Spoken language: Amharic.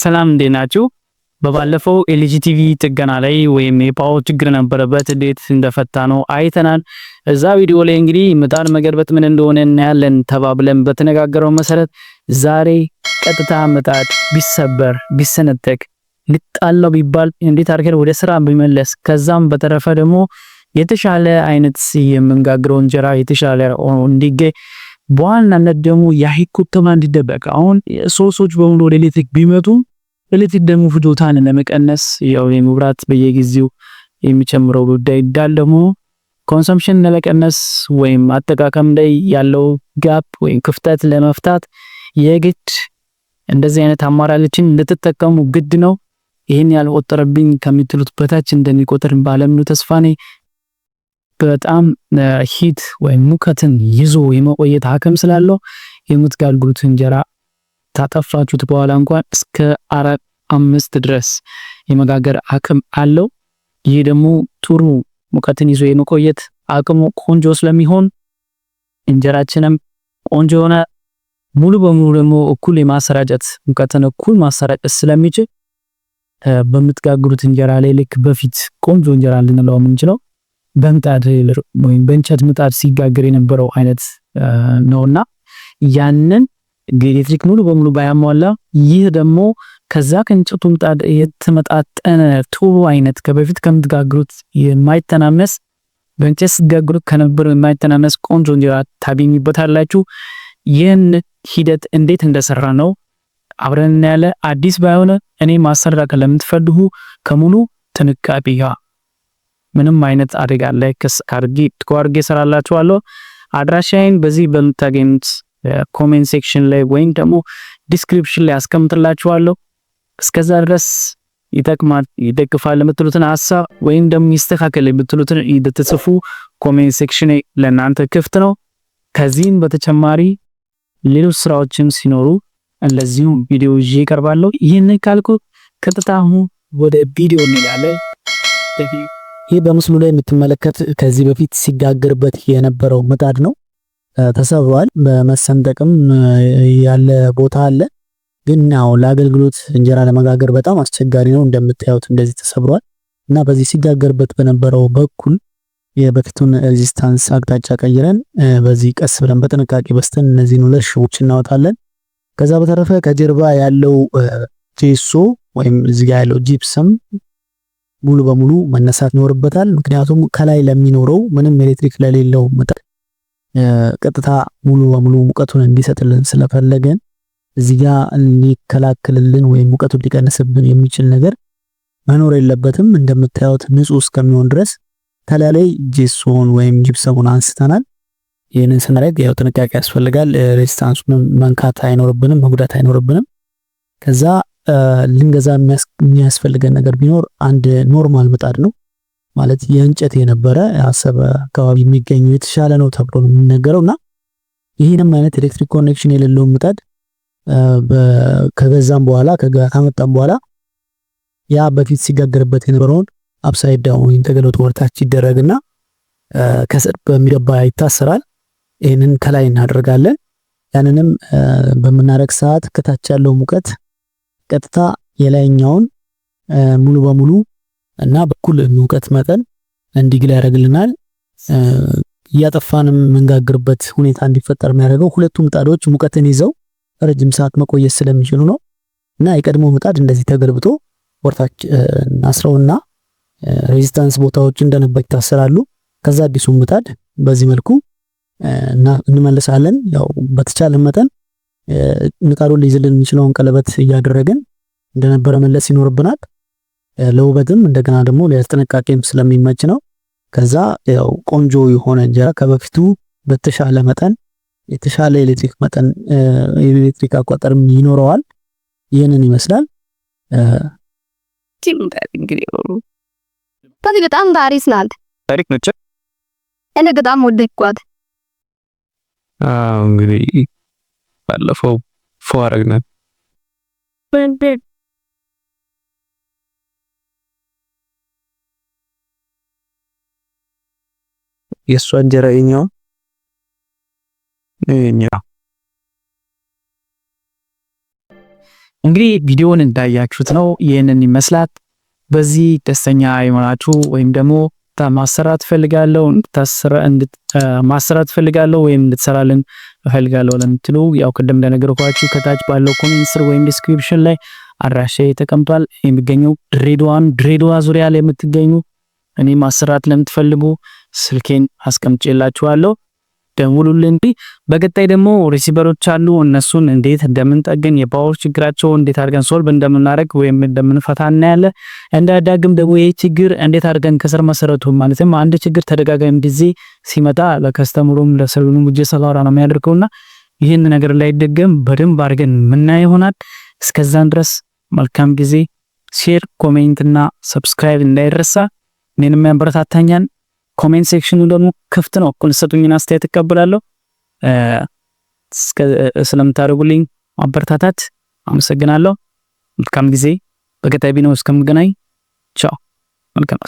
ሰላም እንዴት ናችሁ? በባለፈው ኤልጂ ቲቪ ጥገና ላይ ወይም የፓወ ችግር ነበረበት እንዴት እንደፈታ ነው አይተናል። እዛ ቪዲዮ ላይ እንግዲህ ምጣድ መገልበጥ ምን እንደሆነ እናያለን ተባብለን በተነጋገረው መሰረት ዛሬ ቀጥታ ምጣድ ቢሰበር ቢሰነጠቅ ልጣለው ቢባል እንዴት አድርገን ወደ ስራ ቢመለስ ከዛም በተረፈ ደግሞ የተሻለ አይነት የምንጋግረው እንጀራ የተሻለ እንዲገኝ በዋናነት ደግሞ የሀይኮት ተማ እንዲደበቅ አሁን ሶሶች በሙሉ ወደ ኤሌክትሪክ ቢመጡ ኤሌክትሪክ ደግሞ ፍጆታን ለመቀነስ ያው የመብራት በየጊዜው የሚጨምረው ጉዳይ እንዳለ ደግሞ ኮንሰምፕሽን ለመቀነስ ወይም አጠቃቀም ላይ ያለው ጋፕ ወይም ክፍተት ለመፍታት የግድ እንደዚህ አይነት አማራጮችን ልትጠቀሙ ግድ ነው። ይህን ያልቆጠረብኝ ከሚትሉት በታች እንደሚቆጠር ባለምኑ ተስፋ ነኝ። በጣም ሂት ወይም ሙቀትን ይዞ የመቆየት አቅም ስላለው የምትጋግሩት እንጀራ ታጠፋችሁት በኋላ እንኳን እስከ አራት አምስት ድረስ የመጋገር አቅም አለው። ይህ ደግሞ ጥሩ ሙቀትን ይዞ የመቆየት አቅሙ ቆንጆ ስለሚሆን እንጀራችንም ቆንጆ የሆነ ሙሉ በሙሉ ደግሞ እኩል የማሰራጨት ሙቀትን እኩል ማሰራጨት ስለሚችል በምትጋግሩት እንጀራ ላይ ልክ በፊት ቆንጆ እንጀራ ልንለው የምንችለው በምጣድ ወይም በእንጨት ምጣድ ሲጋገር የነበረው አይነት ነውና ያንን ኤሌክትሪክ ሙሉ በሙሉ ባያሟላ፣ ይህ ደግሞ ከዛ ከእንጨቱ ምጣድ የተመጣጠነ ጥሩ አይነት ከበፊት ከምትጋግሩት የማይተናነስ በእንጨት ሲጋግሩት ከነበረው የማይተናነስ ቆንጆ እንጀራ ታገኙበታላችሁ። ይህን ሂደት እንዴት እንደሰራ ነው አብረን እናያለን። አዲስ ባይሆነ እኔ ማሰራ ለምትፈልጉ ከሙሉ ጥንቃቄ ምንም አይነት አደጋ ላይ ክስ አድርጌ ትጓርጌ እሰራላችኋለሁ። አድራሻዬን በዚህ በምታገኙት ኮሜንት ሴክሽን ላይ ወይም ደግሞ ዲስክሪፕሽን ላይ አስቀምጥላችኋለሁ። እስከዛ ድረስ ይጠቅማል፣ ይደግፋል የምትሉትን ሀሳብ ወይም ደግሞ ይስተካከል የምትሉትን እንድትጽፉ ኮሜንት ሴክሽን ለእናንተ ክፍት ነው። ከዚህም በተጨማሪ ሌሎች ስራዎችም ሲኖሩ እንደዚሁም ቪዲዮ ይዤ እቀርባለሁ። ይህንን ካልኩ ቀጥታ አሁን ወደ ቪዲዮ እንሄዳለን። ይህ በምስሉ ላይ የምትመለከት ከዚህ በፊት ሲጋገርበት የነበረው ምጣድ ነው። ተሰብሯል፣ በመሰንጠቅም ያለ ቦታ አለ። ግን ያው ለአገልግሎት እንጀራ ለመጋገር በጣም አስቸጋሪ ነው። እንደምታዩት እንደዚህ ተሰብሯል እና በዚህ ሲጋገርበት በነበረው በኩል የበፊቱን ሬዚስታንስ አቅጣጫ ቀይረን በዚህ ቀስ ብለን በጥንቃቄ በስተን እነዚህን ሁለት ሽቦች እናወጣለን። ከዛ በተረፈ ከጀርባ ያለው ጄሶ ወይም እዚጋ ያለው ጂፕሰም ሙሉ በሙሉ መነሳት ይኖርበታል። ምክንያቱም ከላይ ለሚኖረው ምንም ኤሌክትሪክ ለሌለው መጠን ቀጥታ ሙሉ በሙሉ ሙቀቱን እንዲሰጥልን ስለፈለገን እዚህ ጋር ሊከላከልልን ወይም ሙቀቱን ሊቀንስብን የሚችል ነገር መኖር የለበትም። እንደምታዩት ንጹህ እስከሚሆን ድረስ ተላላይ ጄሶን ወይም ጅብሰሙን አንስተናል። ይህንን ስናደርግ ያው ጥንቃቄ ያስፈልጋል። ሬዚስታንሱን መንካት አይኖርብንም፣ መጉዳት አይኖርብንም። ከዛ ልንገዛ የሚያስፈልገን ነገር ቢኖር አንድ ኖርማል ምጣድ ነው። ማለት የእንጨት የነበረ አሰበ አካባቢ የሚገኙ የተሻለ ነው ተብሎ ነው የሚነገረው እና ይህንም አይነት ኤሌክትሪክ ኮኔክሽን የሌለውን ምጣድ ከገዛም በኋላ ከመጣም በኋላ ያ በፊት ሲጋገርበት የነበረውን አፕሳይድ ዳውን ወይም ወርታች ወደታች ይደረግና ከስር በሚገባ ይታሰራል። ይህንን ከላይ እናደርጋለን። ያንንም በምናደርግ ሰዓት ከታች ያለው ሙቀት ቀጥታ የላይኛውን ሙሉ በሙሉ እና በኩል ሙቀት መጠን እንዲግል ያደርግልናል። እያጠፋንም የምንጋግርበት ሁኔታ እንዲፈጠር የሚያደርገው ሁለቱ ምጣዶች ሙቀትን ይዘው ረጅም ሰዓት መቆየት ስለሚችሉ ነው እና የቀድሞ ምጣድ እንደዚህ ተገልብጦ ወርታች አስረውና ሬዚስታንስ ቦታዎች እንደነበር ይታሰራሉ። ከዛ አዲሱ ምጣድ በዚህ መልኩ እንመልሳለን። ያው በተቻለ መጠን ንቃሉ ሊይዝልን የሚችለውን ቀለበት እያደረግን እንደነበረ መለስ ይኖርብናል። ለውበትም እንደገና ደግሞ ለጥንቃቄም ስለሚመች ነው። ከዛ ያው ቆንጆ የሆነ እንጀራ ከበፊቱ በተሻለ መጠን የተሻለ ኤሌክትሪክ መጠን የኤሌክትሪክ አቋጠርም ይኖረዋል። ይህንን ይመስላል። በጣም ታሪክ ናት። ታሪክ ነች። እኔ በጣም ወደድኳት። እንግዲህ ባለፈው ፎ አረግናል። የእሷ እንጀራ የኛው እንግዲህ ቪዲዮውን እንዳያችሁት ነው። ይህንን ይመስላት። በዚህ ደስተኛ የሆናችሁ ወይም ደግሞ ማሰራት ፈልጋለሁ ታስረ ማሰራት ፈልጋለሁ ወይም እንድትሰራልን ፈልጋለሁ ለምትሉ ያው ቅድም እንደነገርኳችሁ ከታች ባለው ኮሜንት ስር ወይም ዲስክሪፕሽን ላይ አድራሻ ተቀምጧል። የሚገኘው ድሬዳዋን ድሬዳዋ ዙሪያ ላይ የምትገኙ እኔ ማሰራት ለምትፈልጉ ስልኬን አስቀምጬላችኋለሁ። ደውሉልን። በቀጣይ ደግሞ ሪሲቨሮች አሉ እነሱን እንዴት እንደምንጠግን የፓወር ችግራቸው እንዴት አድርገን ሶልቭ እንደምናደርግ ወይም እንደምንፈታ እናያለ። እንደ ዳግም ደግሞ ይህ ችግር እንዴት አድርገን ከስር መሰረቱ ማለትም አንድ ችግር ተደጋጋሚ ጊዜ ሲመጣ ለከስተምሩም ለሰሉም እጅ ሰላራ ነው የሚያደርገውና ይህን ነገር ላይ ደገም በደንብ አድርገን የምናየው ይሆናል። እስከዛን ድረስ መልካም ጊዜ። ሼር፣ ኮሜንት እና ሰብስክራይብ እንዳይረሳ። እኔንም ያበረታታኛል። ኮሜንት ሴክሽኑ ደግሞ ክፍት ነው። እኩል ሰጡኝን አስተያየት እቀበላለሁ። ስለምታደርጉልኝ አበረታታት አመሰግናለሁ። መልካም ጊዜ። በቀጣይ ቢነው እስከምገናኝ ቻው። መልካም